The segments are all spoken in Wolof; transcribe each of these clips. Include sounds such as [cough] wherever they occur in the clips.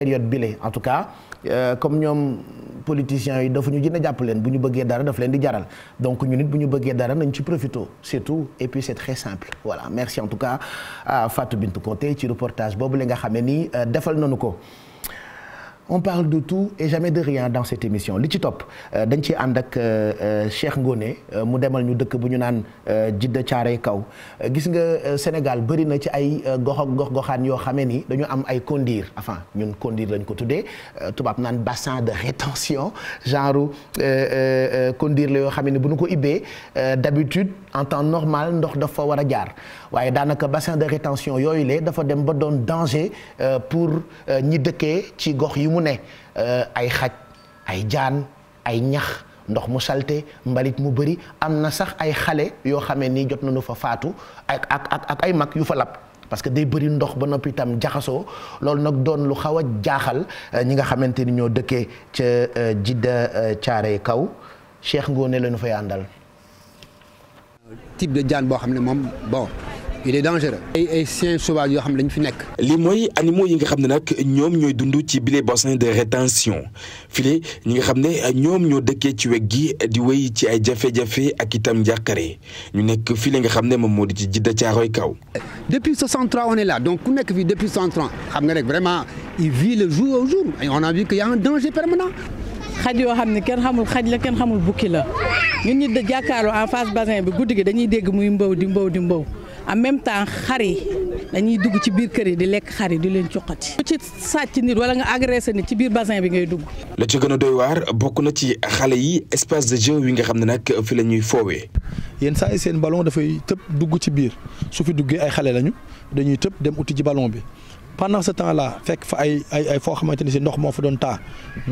période bile en tout cas euh, comme ñoom politiciens yi dafa ñu gën a jàpp leen bu ñu bëggee dara daf leen di jaral donc ñu nit bu ñu bëggee dara nañ ci profito surtout tout et puis c'est très simple voilà merci en tout cas à Fatou Bintou Conté ci reportage boobu la nga xamee ni euh, defal nañu ko on parle de tout et jamais de rien dans cette émission li ci topp euh, dañ ciy ànd ak euh, euh, Cheikh Ngoné mu demal ñu dëkk bu ñu naan Jidda Caaray Kaw gis nga Sénégal bëri na ci ay gox gox goxaan yoo xamee ni dañu am ay kondir enfin ñun kondir lañ ko tuddee tubaab naan bassin de rétention genre kondir la yoo xamee ni bu ñu ko ibbee d'habitude en temps normal ndox dafa war a jaar waaye daanaka bassin de rétention yooyu lee dafa dem ba doon danger euh, pour euh, ñi dëkkee ci gox yi mu ne euh, ay xaj ay jaan ay ñax ndox mu salte mbalit mu bëri am na sax ay xale yoo xamee ni jot nañu fa faatu ak ak ak ay mag yu fa lab parce que day bëri ndox ba noppi itam jaxasoo loolu nag doon lu xaw a jaaxal ñi nga xamante ni ñoo dëkkee ca jidda caare kaw Cheikh Ngoone lañu fay àndal type de jaan boo xam ne moom bon il est dangereux. ay ay chiens yoo xam ne dañu fi nekk. li mooy animaux yi nga xam ne nag ñoom ñooy dund ci bile bassin de rétention file ñi nga xam ne ñoom ñoo dëkkee ci weg gi di wéy ci ay jafe-jafe ak itam njàqare ñu nekk file nga xam ne moom moo di ci jidda caaroy kaw. depuis 63 on est là donc ku nekk fii depuis 63 xam nga rek vraiment il vit le jour au jour on a vu qu'il y a danger permanent. xaj yoo xam ne kenn xamul xaj la kenn xamul bukki la ñun ñu jàkkaarloo en face bassin bi guddi gi dañuy dégg muy mbaw di mbaw di mbaw en même temps xar yi dañuy dugg ci biir kër yi di lekk xar yi di leen cuqati ku ci sàcc nit wala nga agressé nit ci biir bassin bi ngay dugg. la ci gën a doy waar bokk na ci xale yi espace de jeu yi nga xam ne nag fi la ñuy foowee. yenn saa yi seen ballon dafay tëb dugg ci biir su fi duggee ay xale lañu dañuy tëb dem uti ci ballon bi. pendant ce temps là fekk fa ay ay ay foo xamante ndox moo fa doon taa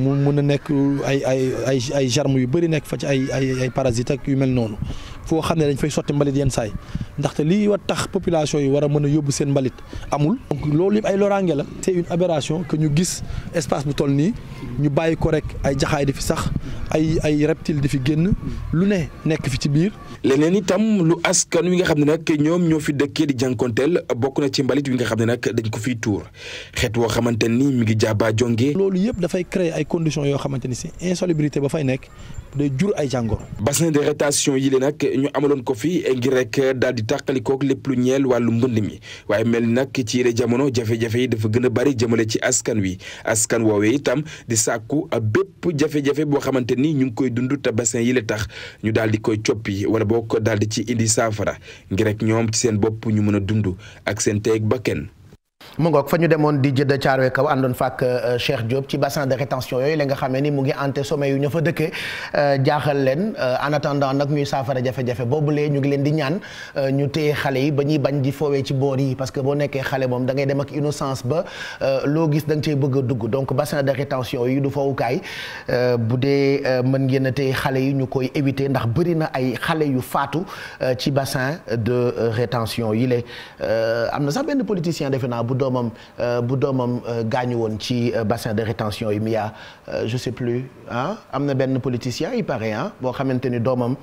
mu mun a nekk ay ay ay ay germes yu bëri nekk fa ci ay ay ay parasites ak yu mel noonu foo xam ne dañ fay sotti mbalit yenn saay ndaxte lii war tax population yi war a mën a yóbbu seen mbalit amul. donc loolu yëpp ay loraange la. te une aberration que ñu gis espace bu toll nii ñu bàyyi ko rek ay jaxaay di fi sax ay ay reptile di fi génn lu ne nekk fi ci biir. leneen itam lu askan wi nga xam ne ñoom ñoo fi dëkkee di jànkonteel bokk na ci mbalit wi nga xam ne nag dañ ko fiy tuur xeet woo xamante nii mu ngi jaabaa jonge. loolu yëpp dafay créer ay conditions yoo xamante ni si insalubrité ba fay nekk day jur ay jàngoro. bassin de rétention yi le nag ñu amaloon ko fi ngir rek daal di tàqalikook lépp lu ñeel wàllu mbënd mi waaye mel ni nag ci yile jamono jafe-jafe yi dafa gën a bari jëmale ci askan wi askan woowee itam di sàkku bépp jafe-jafe boo xamante ni ñu ngi koy dund te bassin yi la tax ñu daal di koy coppi wala boo ko daal di ci indi saafara ngir rek ñoom ci seen bopp ñu mën a dund ak seen teeg ba kenn mu ngoog fa ñu demoon di jëdd caarwe kaw àndoon fàkk euh, Cheikh Diop ci bassin de rétention yooyu la nga xamee ni mu ngi ante sommet yu ña fa dëkkee euh, jaaxal leen euh, en attendant nag ñuy saafara jafe-jafe boobulee ñu ngi leen di ñaan ñu téye xale yi ba ñuy bañ di foowee ci boor yi parce que boo nekkee xale moom da ngay dem ak innocence ba loo gis danga nga cey bëgg dugg donc bassin de rétention yi du fawukaay bu dee mën ngeen a téye xale yi ñu koy éviter ndax bëri na ay xale yu faatu ci bassin de rétention yi lée am na sax benn politicien doomam euh, bu doomam euh, gaañu woon ci euh, bassin de rétention yi mu yaa je sais plus ah am na benn politicien yi paraît ah boo xamante ni doomam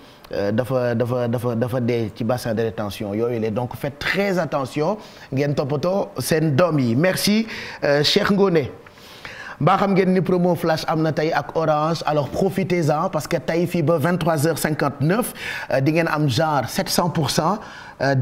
dafa dafa dafa dafa dee ci bassin de rétention yooyu la donc faites très attention ngeen toppatoo seen doom yi merci Cheikh ngoone mbaa xam ngeen ni promo flash am na tey ak orange alors profitez-en parce que tey fii ba 23h59 di ngeen am genre 700 pour cent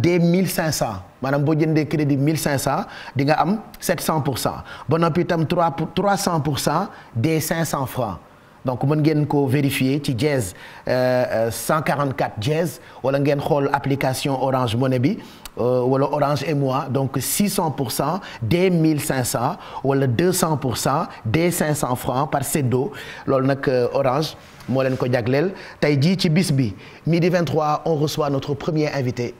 des 1500. maanaam boo jëndee crédit 1500 di nga am 700 pour cent ba noppi itam 3 pour 300 pour cent des 500 francs donc mën ngeen ko vérifier ci Jazz 144 Jazz wala ngeen xool application Orange Money bi euh, wala Orange et moi donc 600 pour cent des 1500 wala 200 pour cent des 500 francs par Seddo loolu nag euh, Orange moo leen ko jagleel tey jii ci bis bi midi 23 on reçoit notre premier invité.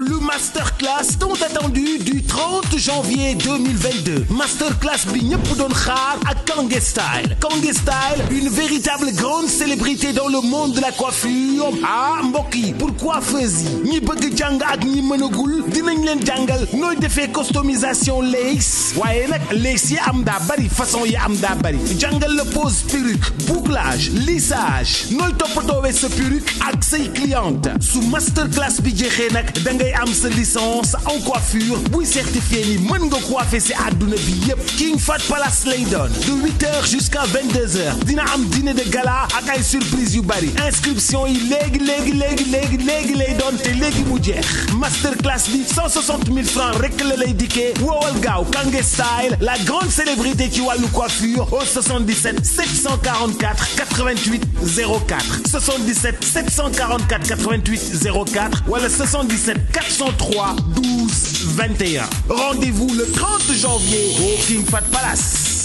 Le masterclass tant attendu du 30 janvier 2022 masterclass bi ñëpp doon xaar ak Kangue Style Kangue Style une véritable grande célébrité dans le monde de la coiffure ah mbokk yi pour coiffeuse yi ñi bëgg jàng ak ñi mënagul dinañ leen jàngal nooy defee customisation lace waaye nag lace yi am daa bari façon yi am daa bari jàngal la pose perruque bouclage lissage nooy toppatoowee sa perruque ak say cliente su masterclass bi jeexee nag da ngay am sa licence en coiffure buy certifié ni mën nga coiffé si àdduna bi yépp King Fat Palace lay doon de 8 heures jusqu'à 22 heures dina am dîner de gala ak ay surprise yu bari inscription yi léegi léegi léegi léegi léegi lay doon te léegi mu jeex master class bi 160 000 francs rek la lay dikkee woowal gaaw Kange Style la grande célébrité ci wàllu coiffure au 77 744 88 04 77 744 88 04 wala 77 403 12 Rendez-vous le janvier au Fat Palace.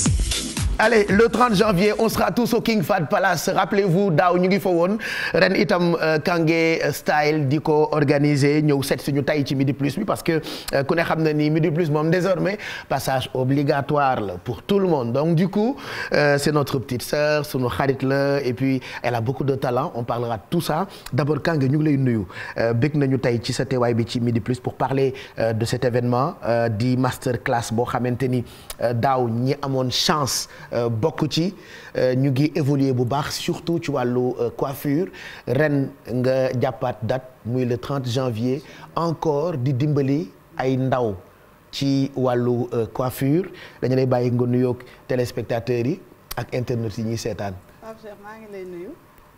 allez le 30 janvier on sera tous au King Fahd Palace rappelez-vous daaw ñu ngi fa woon ren itam euh, Kange style di ko organiser ñëw set suñu tay ci Midi Plus bi parce que euh, ku ne xam na ni Midi Plus moom désormais passage obligatoire la pour tout le monde donc du coup euh, c'est notre petite sœur sunu xarit la et puis elle a beaucoup de talent on parlera de tout ça d'abord Kange ñu ngi lay nuyu bëgg nañu tey ci sa teewaay bi ci Midi Plus pour parler de cet événement di master class boo xamante ni daaw ñi amoon chance Euh, bokk ci euh, ñu ngi évoluer bu baax surtout ci wàllu euh, coiffure ren nga jàppaat date muy le 30 janvier encore di dimbali ay ndaw ci wàllu coiffure dañu lay bàyyi nga nuyoog téléspectateurs yi ak internet yi ñuy seetaan. maa ngi lay nuyu.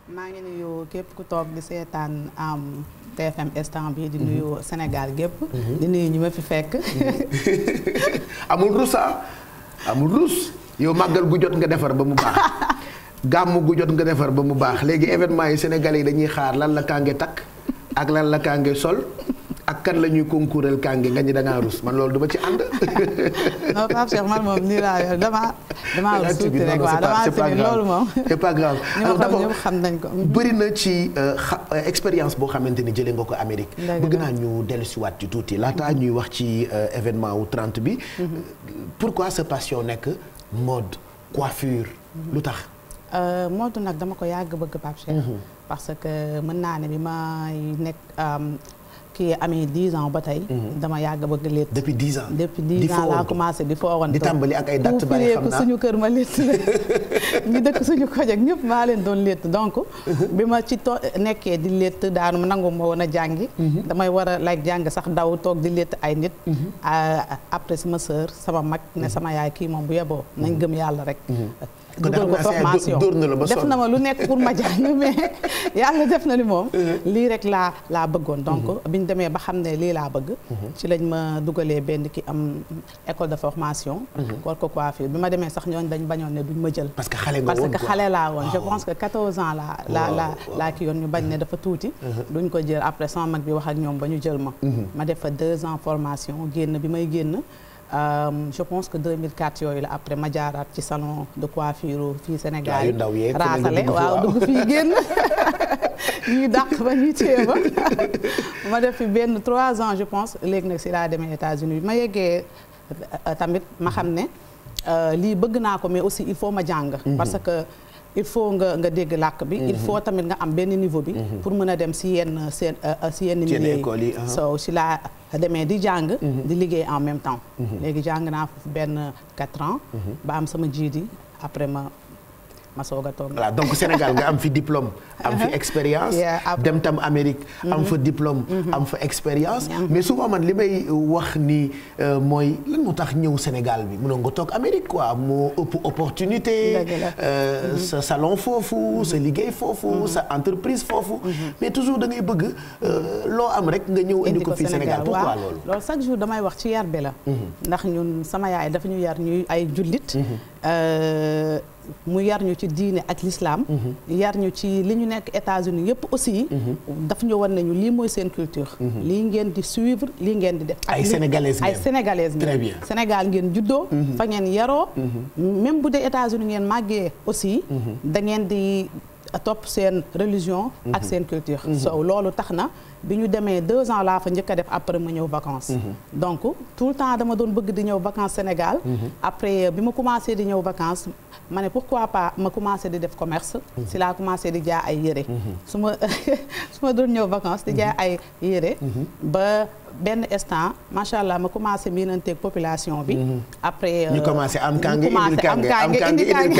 maa ngi nuyu képp ku toog di seetaan am TFM instant bi di mhm. nuyu Sénégal gépp mhm. di nuyu ñu ma fi fekk. Mhm. [laughs] amul rusa amul rus. yow màggal gu jot nga defar ba mu baax [laughs] gàmm gu jot nga defar ba mu baax léegi événement yi sénégalais yi dañuy xaar lan la kànge takk ak lan la kànge sol ak kan la ñuy concoural kànge nga ñi da ngaa rus man loolu du ma ci ànd. [laughs] non Pape Cheikh man moom nii laa yor damaa. damaa rus tuuti loolu moom. c'est pas grave [laughs] alors d'abord xam nañ ko. bëri na ci euh, euh, expérience boo xamante ni jëlee nga ko Amérique. bëgg naa ñu dellusiwaat ci tuuti laata mhm. ñuy wax ci euh, événement wu 30 bi. Mhm. pourquoi sa passion nekk. mode coiffure mm-hmm. lu tax. Euh, mode nag dama ko yàgg bëgg Pape Cheikh. Mm-hmm. parce que mën naa ne bi may nekk euh, kii amee 10 ans ba tey. Mhm. dama yàgg bëgg létt. depuis 10 ans depuis 10 ans laa commencé di foogoon. di tàmbali ak ay datt bari suñu kër ma létt [laughs] ñu dëkk suñu ko ak ñëpp maa leen doon létt donc. bi ma ci to nekkee di létt daanu nangu ma woon a jàngi. Mhm. damay war a like jàng sax daw toog di létt ay nit. Mhm. après sama sœur sama mag ne sama yaay kii moom bu yeboo nañ gëm yàlla rek. dugal ko formation def na ma lu nekk pour ma jàng [laughs] mais yàlla def na ni moom uh-huh. lii rek laa laa bëggoon donc uh-huh. biñ demee ba xam ne lii laa bëgg uh-huh. ci lañ ma dugalee benn ki am école de formation koor ko coiffure bi ma demee sax ñooñ dañ bañoon ne duñ ma jël parce que xale laa woon je pense que 14 ans la la la laa ki yoon ñu bañ ne dafa tuuti duñ ko jël après sama mag bi wax ak ñoom ba ñu jël ma ma def fa deux ans formation génn bi may génn Euh, je pense que 2004 yooyu la après ma jaaraat ci salon de coiffure fii Sénégal raasale waaw dugg fii génn [laughs] ñuy dàq ba ñuy téye [laughs] ma def fi benn trois ans je pense léegi nag si laa demee États-Unis bi ma yeggee euh, tamit ma xam ne euh, lii bëgg naa ko mais aussi il faut ma jàng mhm. parce que il faut nga nga dégg làkk bi il faut tamit nga am benn niveau bi mhm. pour mën a dem si yenn seen euh, euh, si yenn milieu yi uh-huh. so si laa demee di jàng mhm. di liggéey en même temps mhm. léegi jàng naa fu benn quatre ans ba am sama jiidi après ma ma soog a toog donc Sénégal nga am fi diplôme. am fi [laughs] expérience. dem tam Amérique. am mhm. fa diplôme. Mhm. am fa expérience. mais souvent man li may wax ni euh, mooy lan tax ñëw Sénégal bi mënoon nga toog Amérique quoi moo ëpp opportunité. Euh, mhm. sa salon foofu sa liggéey foofu sa entreprise foofu. mais toujours dangay ngay bëgg euh, loo am rek nga ñëw indi ko fii Sénégal pourquoi loolu. loolu chaque jour damay wax ci yar bi la. ndax ñun sama yaay dafa ñu yar ñuy ay jullit. Euh, mu yar ñu ci diine ak l'islam mhm. yar ñu ci li ñu nekk États-Unis yëpp aussi mhm. daf ñu nañu lii mooy seen culture mhm. lii ngeen di suivre lii ngeen di def ay sénégalaises ay sénégalaises très bien Sénégal ngeen juddoo fa ngeen yaroo même bu dee États-Unis ngeen màggee aussi da ngeen di topp seen religion ak seen culture so loolu tax na bi ñu demee deux ans laa fa njëkk a def après ma ñëw vacances mhm. donc tout le temps dama doon bëgg di ñëw vacances Sénégal mhm. après bi ma commencé di ñëw vacances ma ne pourquoi pas ma commencé di def commerce mhm. si laa commencé di jaay ay yére su ma [laughs] su ma doon ñëw vacances di jaay ay yére ba benn instant macha allah ma commencé miinanteeg population bi. après ñu commencé am euh, kànge indil kànge am kànge indil kànge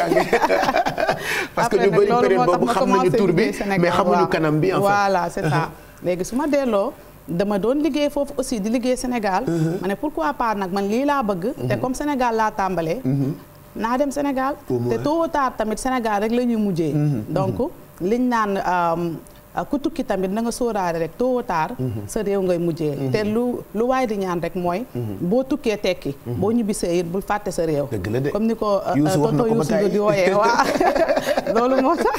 [laughs] parce que ñu bëri période boobu xam nañu tur bi mais xamuñu bi en fait voilà [laughs] léegi su ma delloo dama doon liggéey foofu aussi di liggéey Sénégal. Mhm. ma ne pourquoi pas nag man lii laa bëgg. te mhm. comme Sénégal laa tàmbalee. Mhm. naa dem Sénégal. te tôt tard tamit Sénégal rek lañuy ñuy mujjee. donc liñ naan. Euh, Ah, ku tukki tamit na nga sóoraale rek tôt ou mhm. sa réew ngay mujjee mhm. te lu lu waay di ñaan rek mooy mhm. boo tukkee tekki boo ñibbisee it bul fàtte sa réew comme ni ko ah, toto Youssou di wooyee waa [laughs] loolu moo tax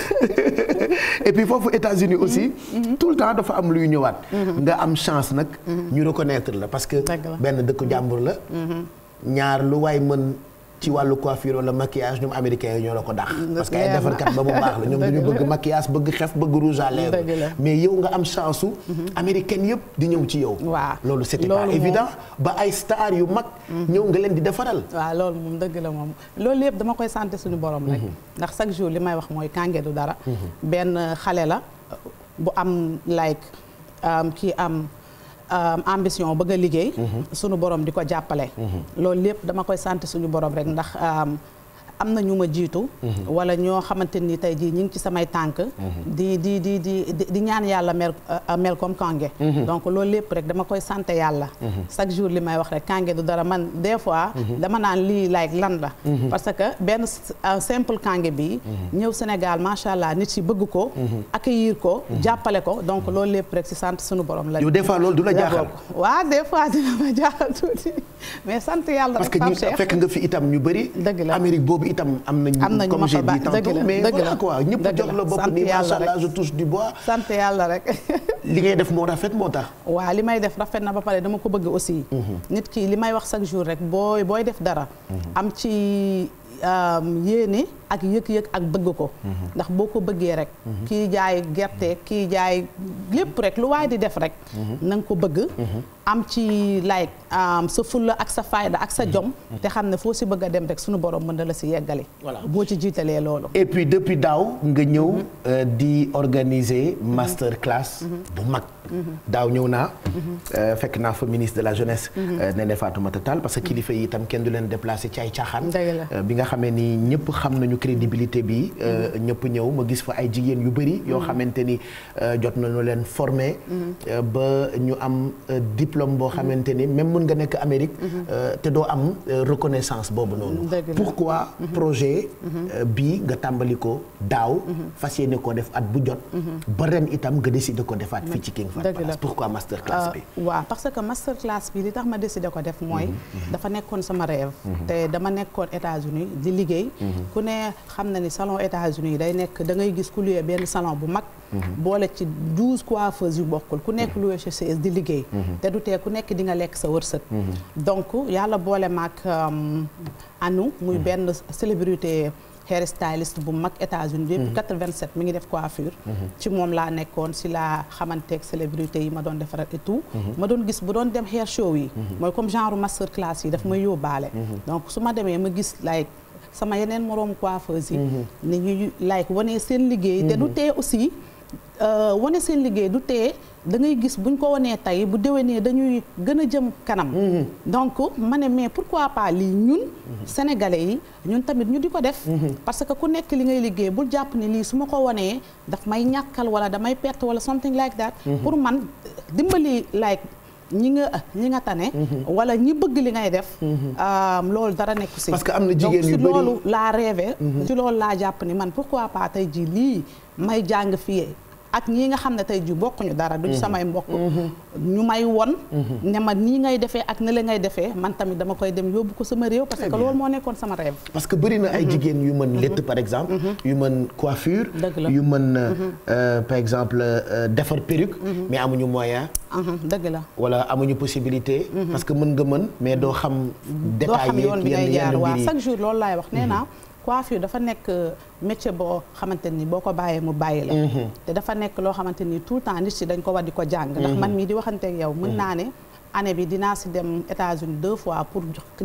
et foofu États-Unis aussi tout le temps dafa am luy ñëwaat nga am chance nag ñu reconnaître la parce que benn dëkku jàmbur la ñaar lu waay mën ci wàllu coiffure wala maquillage ñoom américains yi ñoo la ko dàq. parce que ay defarkat ba mu baax la ñoom [laughs] dañu bëgg maquillage bëgg xef bëgg rouge à lèvres mais yow nga am chance su. Mhm. américaine yëpp di ñëw ci yow. waaw loolu c'était pas évident ba ay star yu mag. Mhm. ñëw nga leen di defaral. waaw loolu moom dëgg la moom loolu yëpp dama koy sant suñu borom rek. Mhm. ndax chaque jour li may wax mooy kànge du dara. benn xale la bu am like kii am. ambition bëgg a liggéey. Mhm. sunu borom di ko jàppale. Mhm. loolu lépp dama koy sant suñu boroom rek ndax am na ñu ma jiitu. Mhm. wala ñoo xamante ni tey jii ñu ngi ci samay tànk. Mhm. di di di di di ñaan yàlla mel euh, euh, mel comme Kange. Mhm. donc loolu lépp rek dama koy sant yàlla. chaque jour li may wax rek Kange du dara man des fois. dama naan lii like lan la. parce que benn euh, simple Kange bi ñëw Sénégal macha allah nit si bëgg ko. accueillir ko jàppale ko donc loolu lépp rek si sant sunu borom la. yow des fois loolu du la jaaxal. waaw des fois [laughs] dina ma jaaxal tuuti mais sant yàlla rek. parce bëri. dëgg la Amérique boobu bi itam am nañu. am nañu comme j'ai dit tantôt mais voilà jox la bopp ni macha allah je touche du bois. sant yàlla rek. [laughs] li ngay def moo rafet moo tax. waaw li may def rafet na ba pare dama ko bëgg aussi. Mhm. nit ki li may wax chaque jour rek booy booy def dara. Mhm. am ci euh, yéene. ak yëg-yëg ak bëgg ko mhm. ndax boo ko bëggee rek mhm. kii jaay gerte mhm. kii jaay lépp rek lu waaye di def rek na nga ko bëgg am ci like sa fulla ak sa fayda ak sa jom te xam ne foo si bëgg a dem rek suñu borom mën na la si yeggali boo ci jiitalee loolu et puis depuis daaw nga ñëw euh, di organiser master class bu mag daaw ñëw naa euh, fekk naa fa ministre de la jeunesse euh, Néné Fatoumata Tall parce que kilifa yi itam kenn du leen déplacé ci ay caaxaan bi nga xamee ni ñëpp xam nañu wàllu crédibilité bi euh, mhm. ñëpp ñëw ma gis fa ay jigéen yu bëri yoo mhm. xamante ni euh, jot nañu leen formé mhm. euh, ba ñu am diplôme boo xamante ni même mën nga nekk Amérique te doo am reconnaissance boobu noonu pourquoi projet bi nga tàmbali ko daaw fas yéene koo def at bu jot ba ren itam nga décidé ko defaat fii ci King bi waaw parce que master class bi li tax ma décidé ko def mooy dafa nekkoon sama rêve te dama nekkoon États-Unis di liggéey ku ne ne xam na ni salon États-Unis day nekk da ngay gis ku luye benn salon bu mag mhm. boole ci douze coiffeuses yu bokkul ku nekk lu chez CS di liggéey mhm. te du tee ku nekk di nga lekk sa wërsëg mhm. donc yàlla boole maak um, anu muy benn célébrité hairstyliste bu mag États-Unis depuis 87 mi ngi def coiffure ci moom laa nekkoon si laa xamanteeg célébrité yi ma doon defaral et ma doon gis bu doon dem hair show yi mooy comme genre master class yi daf may ma demee sama yeneen moroomu coiffeuse yi mhm. ni ñuy like wane seen liggéey te du mhm. tee aussi euh, wane seen liggéey du tee da ngay gis buñ ko wanee tey bu dewee déwénee dañuy gën a jëm kanam mhm. donc ma ne mais pourquoi pas lii ñun sénégalais yi ñun tamit ñu di ko def parce que ku nekk li ngay liggéey bul jàpp ne lii su ma ko wanee daf may ñàkkal wala damay perte wala something like that pour man dimbali like ñi nga ñi nga tane. Mhm. wala ñi bëgg li ngay def. Mhm. loolu dara nekku si. parce que am na jigéen yu bëri donc si loolu laa rêvé. ci mhm. loolu laa jàpp ni man pour pourquoi pas tey jii lii may jàng fii. ak ñii nga xam ne tey ji bokkuñu dara duñ mhm. samay mbokk mhm. ñu may won mhm. ne ma nii ngay defee ak ne la ngay defee man tamit dama koy dem yóbbu ko sama réew parce que loolu moo nekkoon sama rêve parce que bëri na ay jigéen yu mën létt par exemple yu mën coiffure yu mën euh, par exemple euh, defar perruque mais amuñu moyen dëgg la wala amuñu possibilité parce que man nga man mais doo xam détail yi bi ngay jaar waaw chaque jour loolu laay wax nee naa coiffure dafa nekk euh, métier boo xamante ni boo ko bàyyee mu bàyyi la mm-hmm. te dafa nekk loo xamante ni tout le temps nit si dañ ko war di ko jàng ndax mm-hmm. man mii di waxante yow mën mm-hmm. naa ne année bi dinaa si dem États-Unis deux fois pour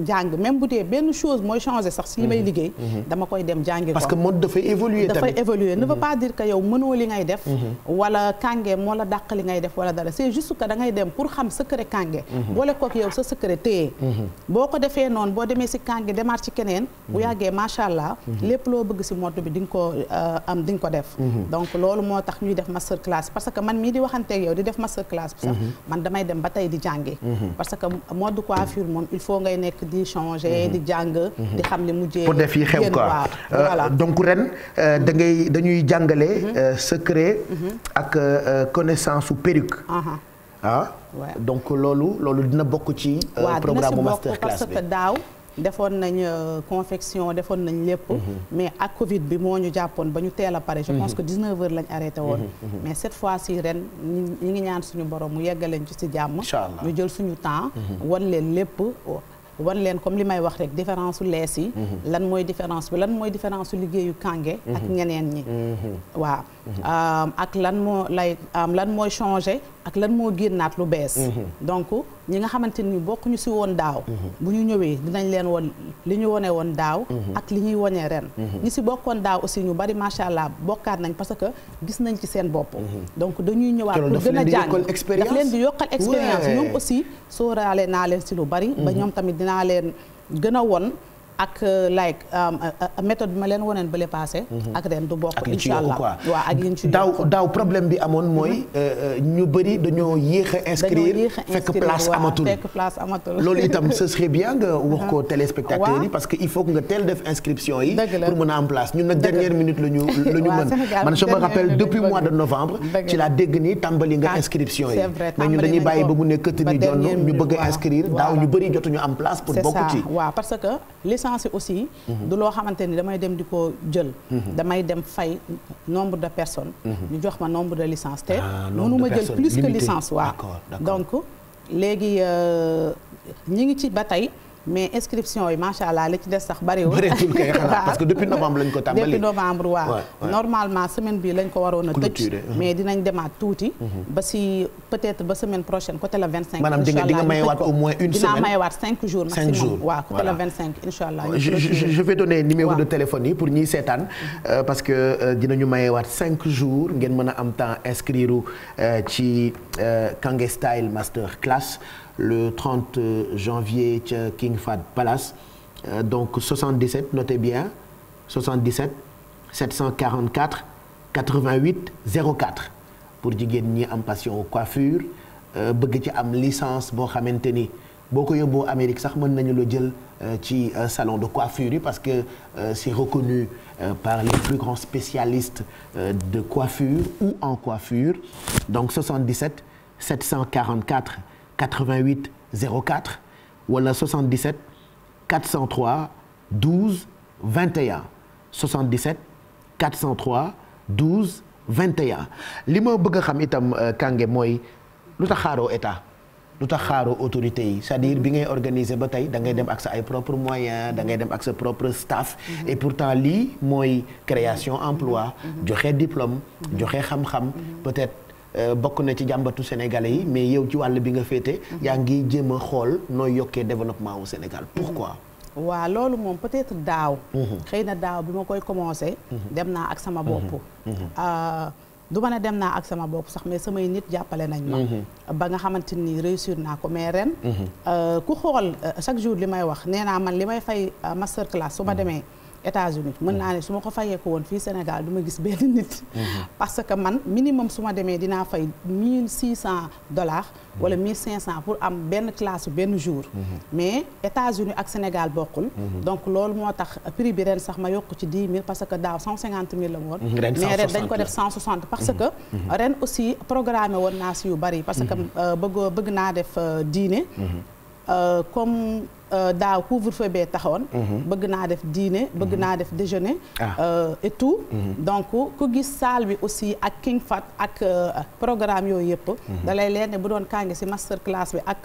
jàng même bu dee benn chose mooy changer sax si li may mhm. liggéey. Mhm. dama koy dem jàngi ko parce que mode dafay évoluer dafay évoluer ne veut mhm. pas dire que yow li ngay def. wala kànge moo la li ngay def wala dara c'est juste que da ngay dem pour xam secret kànge. boole kook yow sa secret téye. boo ko defee noonu boo demee si kànge demaat keneen. bu yàggee macha allah. lépp loo bëgg si mode bi di nga ko euh, am di nga ko def. donc loolu moo tax ñuy def master class parce que man mii di waxanteeg yow di def master class. sax man damay dem ba tey di jàngi. Mm-hmm. parce que mode de coiffure moom il faut ngay nekk di changer mm-hmm. di jàng mm-hmm. di xam ne mujjee pour def yi xew quoi euh, voilà donc ren euh, da ngay dañuy jàngale euh, secret ak connaissance su perruque uh-huh. ah donc loolu loolu dina bokk ci programme master class bi defoon nañ euh, confection defoon nañ lépp. Mm-hmm. mais ak Covid bi moo ñu jàppoon ba ñu teel a pare. je pense mm-hmm. que 19 heures lañ arrêté woon. Mm-hmm. mais cette fois ci ren ñi ngi ñaan suñu borom mu yeggaleñ ci si jàmm. ñu jël suñu temps. wan leen lépp. wan leen comme li may wax rek différence su lees yi. lan mooy différence bi lan mooy différence su liggéeyu kànge. ak ñeneen ñi waaw. Euh, ak lan moo lay lan mooy changé ak lan moo génnaat lu bees mhm. donc ñi nga xamante ni bokkuñu si woon daaw mhm. bu ñu ñëwee dinañ leen woon li ñu wone woon daaw mhm. ak li ñuy wone ren ñi si bokkoon daaw aussi ñu bari macha allah bokkaat nañ parce que gis nañ ci seen bopp donc dañuy ñëwaat pour gën a jàng daf leen di yokkal expérience ñoom aussi sóoraale naa leen si lu bari ba ñoom tamit dinaa leen gën a won ak euh, like um, méthode bi ma leen waneen bële passé mhm. ak ren du bokk incha allah waaw ak liñ ci daaw daaw problème bi amoon mooy mhm. euh, euh, ñu bëri dañoo yéex a inscrire fekk place amatul fekk place amatul loolu itam ce serait bien nga [laughs] wax ko téléspectateurs yi parce que il faut que nga teel def inscription yi pour mën a am place ñun nag dernière minute la [laughs] mën man je me rappelle depuis mois de novembre ci laa dégg ni tàmbali nga ah, inscription yi mais ñun a inscrire licence aussi du loo xamante ni damay dem di ko jël damay dem fay nombre de personne ñu jox ma nombre de licence te ah, mënuma jël plus que licence waaw donc léegi euh, ñu ngi ci ba tey mais inscription yi macha allah li ci des sax bariwul. bëreetul [laughs] parce que depuis novembre lañ ko tàmbali. depuis novembre waaw normalement semaine bii lañ ko waroon a tëj. Uh-huh. mais dinañ demaat tuuti. Mm-hmm. ba si peut-être ba semaine prochaine côté la 25. maanaam di nga di nga mayewaat au moins une semaine dinaa mayewaat 5 jours. maximum 5 jours waaw côté la 25 incha allah. je vais donner numéro de téléphone yi pour ñiy seetaan. Mm-hmm. Euh, parce que euh, dinañu waat cinq jours ngeen mën a am temps inscrire euh, ci Kangue Style Master le 30 euh, janvier ca King Fahd Palace euh, donc 77 notez bien 77 744 88 04 pour jigéen ñi am passion coiffure euh, bëgg ci am licence boo xamante ni boo ko yóbboo Amérique sax mën nañu la jël ci salon de coiffure yi parce que c'est reconnu par les plus grands spécialistes de coiffure ou en coiffure donc 77 744 88 04 wala 77 403 12 21 77 403 12 21 li ma bëgg a xam itam euh, Kange mooy lu tax xaaroo état lu tax xaaroo autorité yi c'est-à-dire bi ngay organiser ba tey da ngay dem ak sa ay propre moyen dangay dem ak sa propre staff mm-hmm. et pourtant lii mooy création emploi mm-hmm. joxe diplôme mm-hmm. joxe xam-xam Euh, bokk na ci jàmbatu sénégalais yi mais yow ci wàll bi nga féete. Mhm. yaa ngi jéem a xool nooy yokkee développement wu Sénégal mhm. pourquoi. waaw loolu moom peut-être daaw. Mhm. xëy na daaw bi ma koy commencé. dem naa ak sama bopp. Euh, du ma ne dem naa ak sama bopp sax mais samay nit jàppale nañ ma. ba nga xamante ni réussir naa ko mais ren. Euh, ku xool chaque jour li may wax nee naa man li may fay master class su ma demee. États-Unis mën naa ne su ma ko fayeeku woon fii Sénégal du ma gis benn [laughs] nit. Mhm. parce que man minimum su ma demee dinaa fay mille six cent dollars. wala mille cinq cent pour am benn classe benn jour. Mhm. mais États-Unis ak Sénégal bokkul. Mhm. donc loolu moo tax prix bi ren sax ma yokk ci dix mille parce que daaw cent cinquante mille la woon. mais ren dañ ko def cent soixante parce que. ren aussi programme woon naa si yu bari. parce que euh, bëgg bëgg naa def euh, diine. Euh, comme euh, daaw couvre-feu bee taxoon. Mhm. bëgg naa def dîner bëgg mhm. naa def déjeuner. Ah. Euh, et tout. Mhm. donc ku gis salle bi aussi ak King Fat ak programme yooyu yëpp. da lay bu doon kaa ngi ci master class bi ak.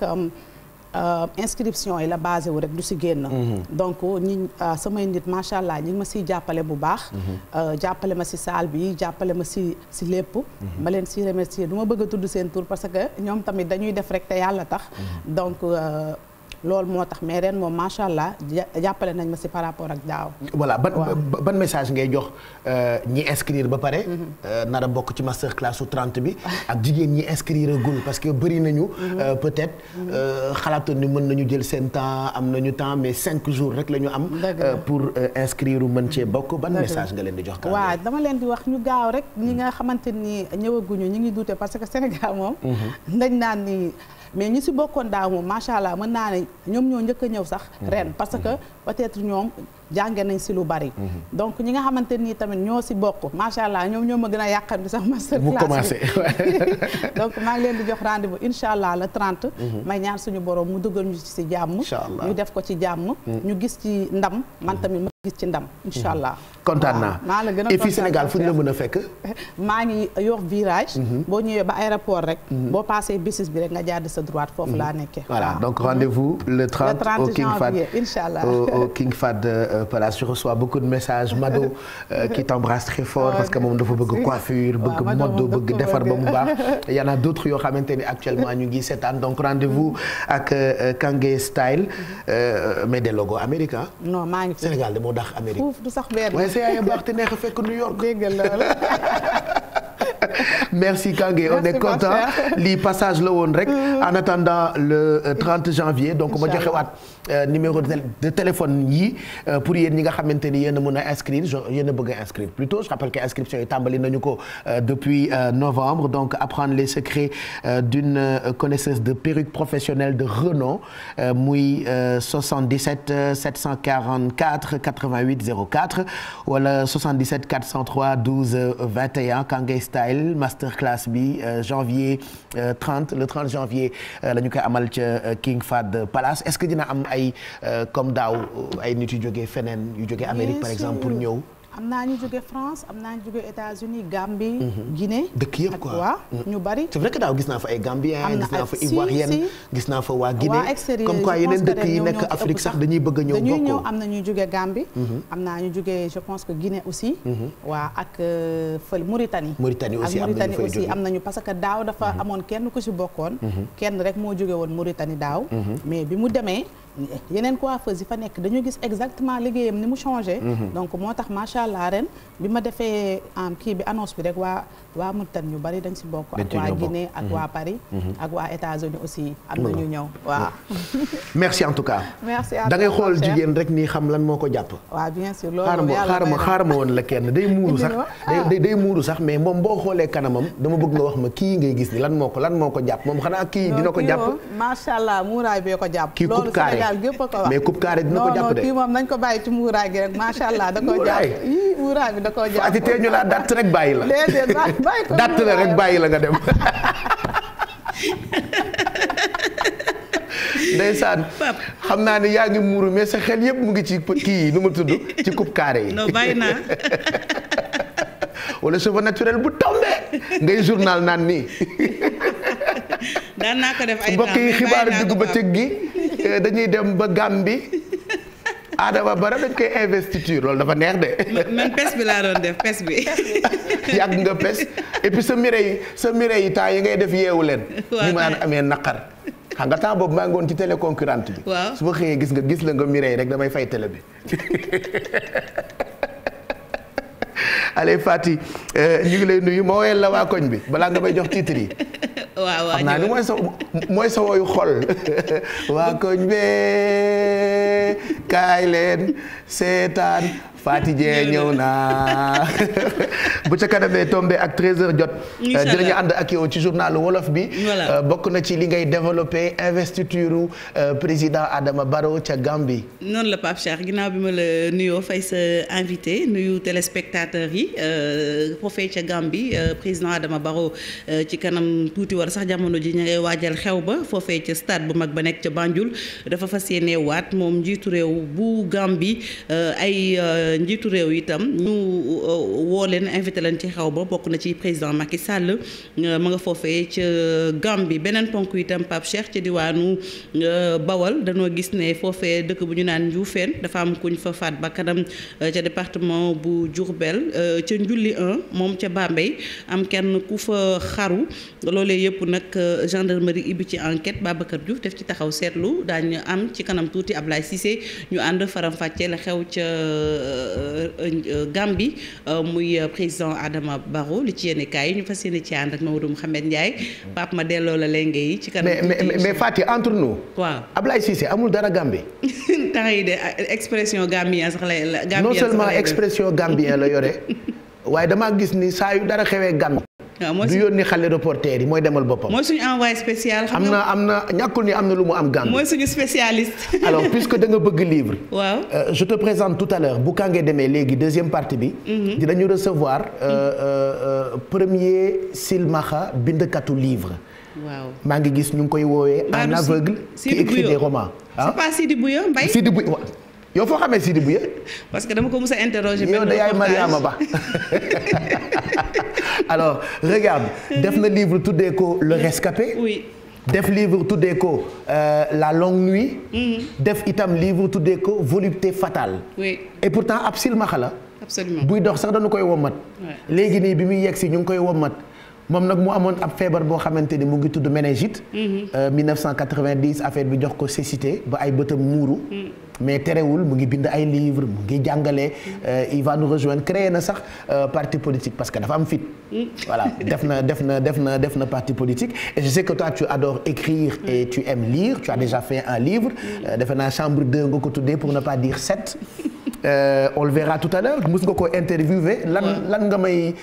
Euh, inscription yi la basé wu rek du si génn. Mhm. donc ñi euh, samay nit macha allah ñi ngi ma siy jàppale bu baax. Mhm. Euh, jàppale ma si saal bi jàppale ma si si lépp. Mhm. ma leen si remercier du ma bëgg a tudd seen tur parce que ñoom tamit dañuy def rek te yàlla tax donc. loolu moo tax mais ren moom macha allah jàppale nañ ma si par rapport ak daaw. voilà ban ban message ngay jox euh, ñi inscrire ba pare. Mm-hmm. Euh, nar a bokk ci master classe su 30 bi. ak jigéen ñi inscrire gul parce que bëri nañu. Mm-hmm. Euh, peut-être mm-hmm. xalaatoon ni mën nañu jël seen temps am nañu temps mais cinq jours rek la ñu am. pour inscrire mën cee bokk ban message nga leen di jox. waa dama leen di wax ñu gaaw rek ñi nga xamante nii ñëwaguñu ñu ngi duute parce que Sénégal moom. dañ naan mais ñi si bokkoon daaw moom macha allah mën naa ne ñoom ñoo njëkk a ñëw sax mhm. ren parce que mhm. peut-être ñoom jànge nañ si lu bari. Mhm. donc ñi nga xamante nii tamit ñoo si bokk macha allah ñoom ñoo ma gën a yàqal bi sax master class mu commencé [laughs] [laughs] donc maa ngi leen di jox rendez-vous incha allah le 30. may ñaan suñu boroom mu dugal ñu si jàmm. ñu def ko ci jàmm. ñu gis ci ndam man tamit ma gis ci ndam incha allah. kontaan naa et fii Sénégal fu ñu la mën a fekk. maa ngi yor virage. Mhm. boo ñëwee ba aéroport rek. Mhm. boo passé business bi rek nga jaar de sa droite foofu laa mhm. nekkee. voilà donc rendez-vous le 30 le 30 King Fahd [laughs] euh, euh, Palace je reçois beaucoup de messages Mado euh, t'embrasse très fort parce que moom fa bëgg coiffure bëgg mode bëgg defar ba mu baax. [laughs] y en a d'autres yoo xamante ni actuellement ñu ngi seetaan donc rendez-vous ak euh, Kange Style mais des logos américains. non maa ngi Sénégal de moo dax Amérique. CA fekk New York. dégg loolu. [laughs] merci Kangué on est content lii passage la woon rek mm. en attendant le 30 euh, janvier donc ma joxe waat. Euh, numéro de téléphone yi euh, pour yéen ñi nga xamante ni yéen a mën a inscrire yéen a bëgg a inscrire plutôt je rappelle que inscription yi tàmbali nañu ko euh, depuis novembre donc apprendre les secrets d'une connaisseuse de perruque professionnelle de renom muy 77 744 88 04 wala 77 403 12 21 Kangay Style masterclass bi janvier 30 le 30 janvier la ñu koy amal ca King Fahd Palace est-ce ay euh, comme daaw euh, ay nit yu jógee feneen yu jógee Amérique par exemple pour ñëw am naa ñu jóge France am naa ñu jóge États-Unis Gambie. Mhm. Guinée dëkk yëpp quoi waaw mhm. ñu bari. c'est vrai que daaw gis naa fa ay Gambiens gis naa fa Ivoiriens gis naa fa waa Guinée comme a ñëw am na ñuy jóge Gambie. Mhm. am naa ñu jóge je pense que Guinée aussi. waa ak euh, fël Mauritanie. Mauritanie aussi am na ñu am nañu parce que daaw dafa amoon kenn ku ci bokkoon. kenn rek moo jóge woon Mauritanie daaw. mais bi mu demee. yeneen coiffeuse yi fa nekk dañu gis exactement yam ni mu changé. Mhm. donc moo tax macha allah ren bi ma defee kii bi annonce bi rek waa waa Mauritanie ñu bari dañ si bokk. ak waa Guinée ak waa mhm. Paris. Mhm. ak waa États-Unis aussi am na ñu ñëw waaw. merci en tout cas. merci da rek nii xam lan moo ko jàpp. waaw bien sûr loolu xaaral ma [laughs] sax. Ah. day day moom boo xoolee kanamam dama bëgg nga wax ma kii ngay gis ni lan moo ko lan moo ko jàpp moom xanaa kii dina ko jàpp. macha allah muuraay bee ko jàpp. kii coupe carré Sénégal gépp a ko wax. mais coupe carré dina ko jàpp de non moom nañu ko bàyyi ci muuraay gi rek macha allah da koo jàpp yii muuraay bi jàpp. Fatick rek bàyyi la. bàyyi [laughs] la rek bàyyi la nga dem. [laughs] ndeysaan xam naa ni yaa ngi muur mais sa xel yëpp mu ngi ci kii yi nu mu tudd [laughs] ci coupe carré yi. non bàyyi naa. wala cheveux naturel bu tombé ngay journal naan nii. daan naa ko def ay temps xibaaru dugg ba tëgg gi. Euh, dañuy dem ba bi Adama Barrow dañ koy investiture loolu dafa neex de. man pes bi laa doon def pes bi. [laughs] yàgg nga pes et sa mire sa mire yi temps yi ngay def yeewu leen. waaw ñu ma daan amee naqar. xam nga temps boobu maa ngi woon ci télé concurrente bi. waaw su ma xëyee gis nga gis la nga mire yi rek damay fay télé bi. [laughs] [laughs] allez Fati euh, ñu ngi lay nuyu moo wéyal la waa koñ bi balaa nga may jox titre yi. [laughs] waaw waaw xam naa ni mooy sa mooy sa woyu xol [laughs] waa koñ bee kaay leen seetaan. Faty Dieng ñëw naa [laughs] bu ca kanamee tombé ak 13h jot. incha euh, allah dinañu ànd ak ci journalu wolof bi. Euh, bokk na ci li ngay développé investiture euh, président Adama baro ca Gambie. noonu la Pape ginnaaw bi ma la nuyoo fay sa invité nuyu téléspectateurs yi foofee ca Gambie président Adama Barrow ci kanam tuuti war sax jamono ji ñu ngay waajal xew ba foofee ca stade bu mag ba nekk ca Banjul dafa fas yéenee moom njiitu réew bu Gambie ay. njiitu réew itam ñu euh, woo leen invité leen ci xew ba bokk na ci président Macky Sall euh, ma nga foofee ca bi beneen ponk itam Pape Cheikh ci diwaanu euh, Bawal danoo gis ne foofe dëkk bu ñu naan Njuufeen dafa am kuñ fa faat bakkanam ca département bu Diourbel ca Njulli 1 moom ca Bambey am kenn ku fa xaru loolee yëpp nag gendarmerie ibbi ci enquête Babacar Diouf def ci taxaw seetlu daañu am ci kanam tuuti Ablaye Cissé ñu ànd faram-fàccee la xew ca Euh, euh, Gambie euh, muy président Adama Barrow li ci yéene kaay yi ñu fas yéene ci ànd ak Maodo Mouhamed Ndiaye Pape ma delloo la lenge yi ci kanam mais mais Fati entre nous waaw Ablaye Cissé amul dara Gambie [laughs] temps yi de expression gambien sax lay non seulement expression gambien la yore [laughs] waaye damaa gis ni saa yu dara xewee Gambie du yónni xale reporter yi mooy demal boppam. mooy suñu envoyé spécial. xam na am na ñàkkul ni am na lu mu am gàmm. mooy suñu spécialiste. [laughs] alors puisque da nga bëgg livre. waaw euh, je présente tout à l'heure bu kàngee demee léegi deuxième partie bi. Mhm. ñu recevoir euh, mhm. euh, premier silmaxa bindkatu livre. waaw maa ngi gis ñu ngi koy woowee. un aveugle qui écrit des romans. Ah. c'est pas Sidi Bouya Mbaye yow foo xamee Sidi Bouye. parce que dama ko mës a interroger. yow da [laughs] alors regarde def na livre tuddee ko Le Rescapé. oui. def ko euh, La Longue Nuit. Mhm. def itam livre tuddee ko Volupté Fatale. oui et pourtant ab silmaxa la. absolument buy dox sax dañu koy wommat. léegi nii bi muy yegg si ñu ngi koy wommat. moom nag mu amoon ab feebar boo xamante ni mu ngi tudd méningite. 1990 mhm. euh, affaire bi jox ko cécité ba ay bëtam muuru. Mhm. mais terewul mu ngi bind ay livre mu ngi jàngale euh, il va nous rejoindre créer na sax euh, parti politique parce que dafa am fit voilà def na def na def na def na parti politique et je sais que toi tu adores écrire et tu aimes lire tu as déjà fait un livre euh, defe naa chambre de nga ko tuddee pour ne pas dire 7 Euh, on le verra tout à l'heure mus nga ko interviewé lan lan nga may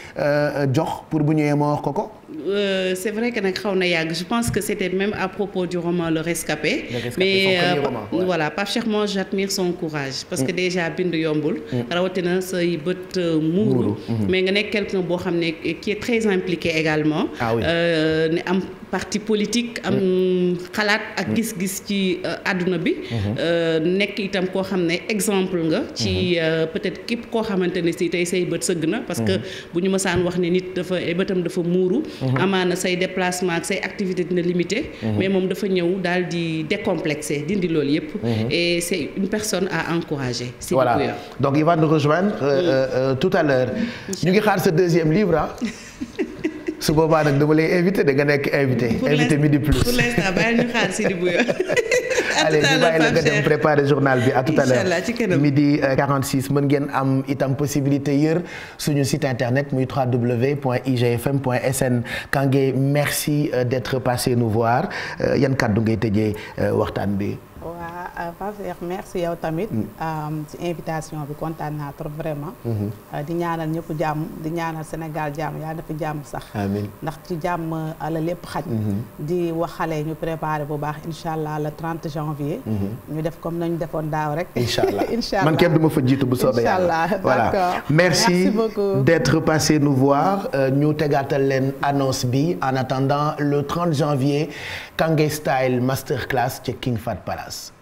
jox pour bu ñëwee ma wax ko ko Euh, c'est vrai que nag xaw na yàgg je pense que c'était même à propos du roman Le Rescapé. mais euh, roman, son courage. parce que mm. déjà bind yombul. Mm. rawatina say bët euh, mm-hmm. mais nga nekk quelqu'un boo xam ne qui est très impliqué également. ah euh, am parti politique am mm. xalaat ak mm. gis-gis ci euh, àdduna bi. Mm-hmm. nekk itam koo xam ne exemple nga. ci mm-hmm. peut-être képp koo xamante ne si tey say bët sëgg na. parce bu ñu mësaan wax ne nit dafa bëtam dafa muuru. Mhm. amaana say déplacement ak say activité dina limité mhm. mais moom dafa ñëw daal di décomplexé dindi loolu yëpp mhm. et c'est une personne à encourager si voilà donc il va nous rejoindre euh, euh, euh, tout à l'heure ñu ngi xaar sa deuxième livre ah [laughs] su boobaa nag dama lay invité da nga nekk invité invité midi plus pour ñu xaar si di bu [laughs] allez ñu bàyyi la nga dem préparer journal bi à tout à l'heure midi 46 euh, ngeen am itam possibilité yër suñu site internet muy www.igfm.sn Kangué merci euh, d'être passé nous voir euh, yan kàddu ngay tëjee waxtaan bi Pape Cheikh merci yow tamit. Mm. Euh, ci invitation bi kontaan naa trop vraiment. Mm-hmm. Euh, di ñaanal ñëpp jàmm di ñaanal Sénégal jàmm yaa na fi jàmm sax. amiin ndax ci jàmm euh, la lépp xaj. Mm-hmm. di wax xale ñu préparé bu baax incha allah le 30 janvier. Mm-hmm. ñu def comme nañu defoon daaw rek. [laughs] incha allah man kenn du ma fa jiitu bu soobee yàlla. voilà merci beaucoup d'être passé nous voir ñu tegaatal leen annonce bi en attendant le 30 janvier Kange Style masterclass ci King Fat Palace.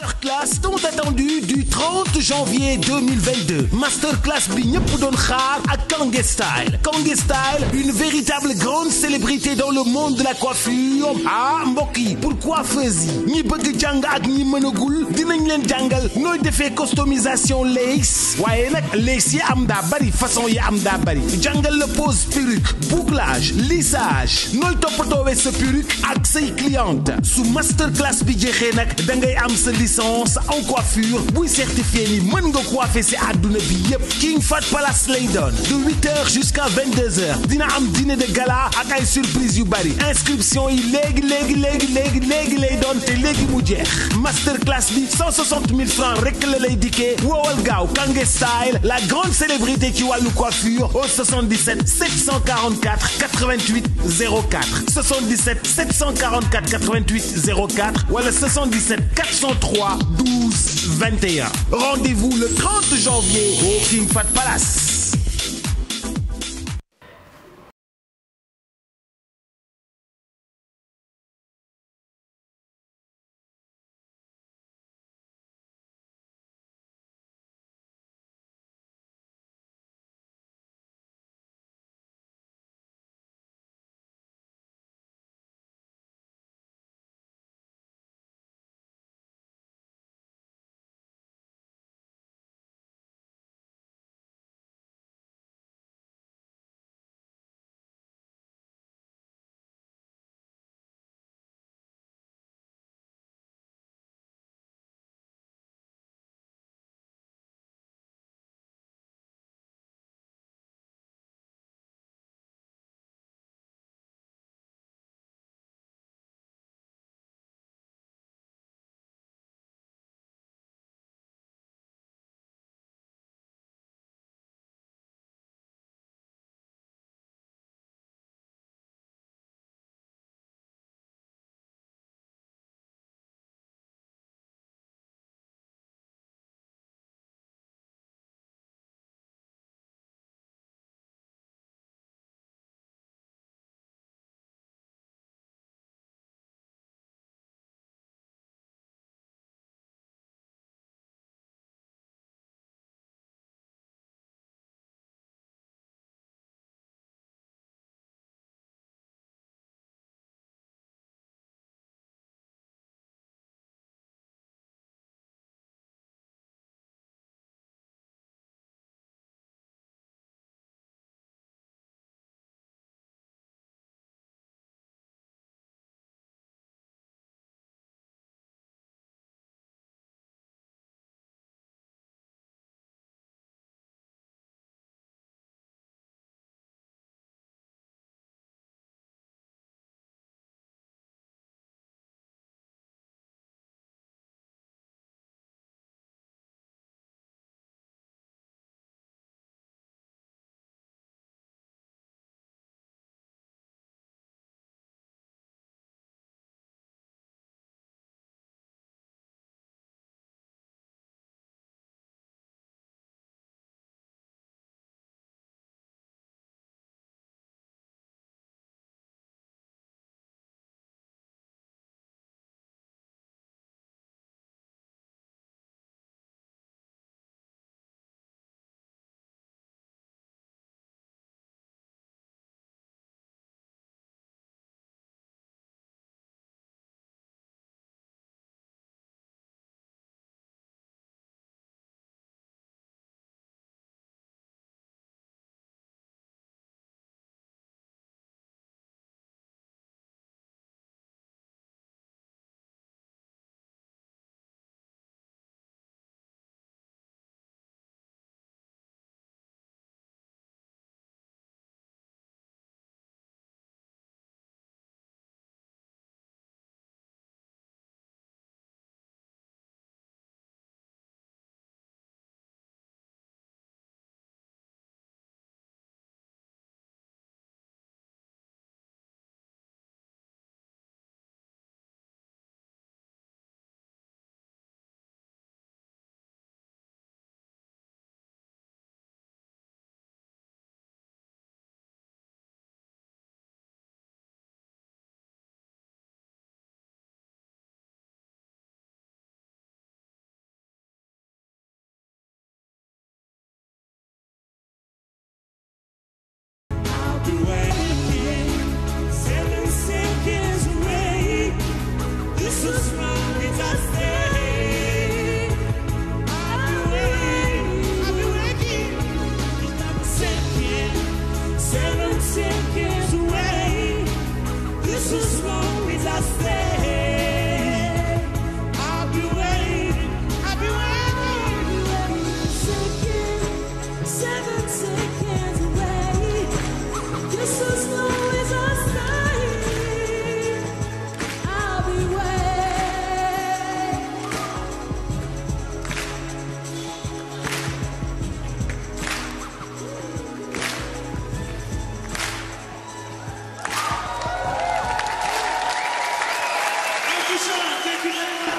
masterclass tant attendu du 30 janvier 2022 masterclass bi ñëpp doon xaar ak Kangue Style Kangue Style une véritable grande célébrité dans le monde de la coiffure ah mbokk yi pour coiffeuse yi ñi bëgg jàng ak ñi mënagul dinañ leen jàngal nooy defee customisation lace waaye nag lace yi am daa bari façon yi am daa bari jàngal la pose perruque bouclage lissage nooy toppatoowee sa perruque ak say cliente su masterclass bi jeexee nag da ngay am sa licence en coiffure buy certifié ni mën nga coiffé si àdduna bi yépp King Fat Palace lay doon de 8h jusqu'à 22h dina am dîner de gala ak ay surprise yu bari inscription yi léegi léegi léegi léegi léegi lay doon te léegi mu jeex masterclass bi 160 000 francs rek la lay dikkee woowal gaaw Kange Style la grande célébrité ci wàllu coiffure au 77 744 88 04 77 744 wala 77 403 3 12 21. Rendez-vous le 30 janvier au King Fat Palace.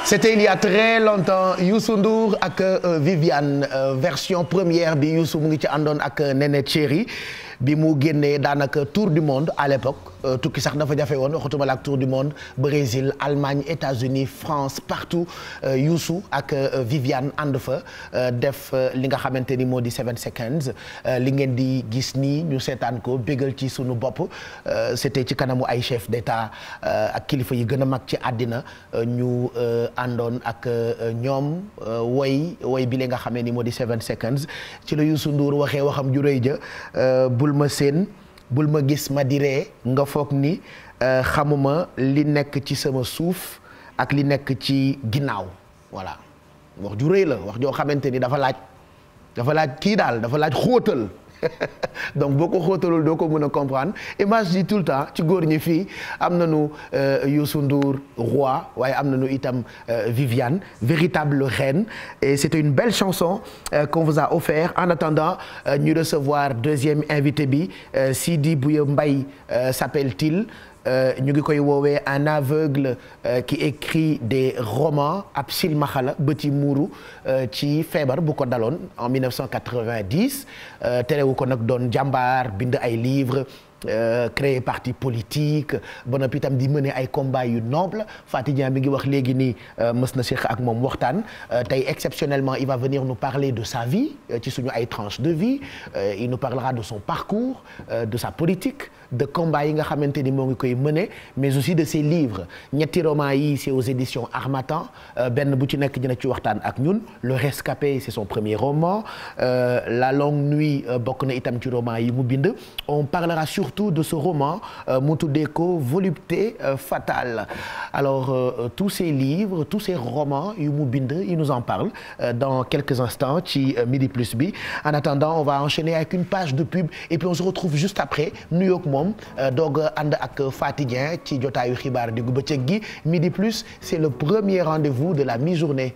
c'était il y a très longtemps Youssou Ndour ak euh, Viviane euh, version première bi Youssou mu ngi ci àndoon ak euh, Néné Thierry bi mu génnee daanaka tour du monde à l'époque Euh, tukki sax dafa jafe woon waxatuma la ak tour du monde Brésil Allemagne États-Unis France partout euh, Youssou ak euh, Viviane ànd fa def li nga xamante ni moo di seven seconds li ngeen di gis nii ñu seetaan ko bégal ci suñu bopp c'était ci kanamu ay chef d'État ak kilifa yi gën a mag ci àddina ñu àndoon ak ñoom woy woy bi li nga xamee ni moo di seven seconds ci la Youssou Ndour waxee waxam ju rëy ja bul ma seen bul ma gis ma di ree nga foog ni euh, xamuma li nekk ci sama suuf ak li nekk ci ginnaaw voilà wax ju réy la wax joo xamante ni dafa laaj dafa laaj kii daal dafa laaj xóotal [laughs] donc boo ko xóotalul doo ko mën a comprendre image yi tout le temps ci góor ñi fii am nañu euh, Youssou Ndour roi waaye am na nañu itam euh, Viviane véritable reine et c'était une belle chanson euh, qu'on vous a offert en attendant ñu recevoir deuxième invité bi Sidi Bouya mbay s'appelle-t-il Euh, ñu ngi koy woowee un aveugle euh, qui écrit des romans ab silmaxala bët yi muuru euh, ci feebar bu ko daloon en tere wu ko nag doon jàmbaar bind ay livres Euh, créer parti politique ba noppi itam di mener ay combat yu noble Faty Dieng mi ngi wax léegi nii euh, mës na Cheikh ak moom waxtaan euh, tey exceptionnellement il va venir nous parler de sa vie ci suñu ay tranche de vie il nous parlera de son parcours de sa politique de combat yi nga xamante ni moo ngi koy mener mais aussi de ses livres ñetti romans yi c'est aux éditions Harmattan benn bu ci nekk dina ci waxtaan ak ñun Le Rescapé c'est son premier roman La Longue Nuit bokk na itam ci roman yi mu bind surtout de ce roman euh, mu tuddee ko volupté euh, fatale alors euh, tous ces livres tous ces romans yu mu bind il nous en parle dans quelques instants ci Midi Plus bi en attendant on va enchaîner avec une page de pub et puis on se retrouve juste après New York moom doog ànd ak Faty ci jotaayu xibaar diggu bëccëg gi Midi Plus c'est le premier rendez-vous de la mi-journée.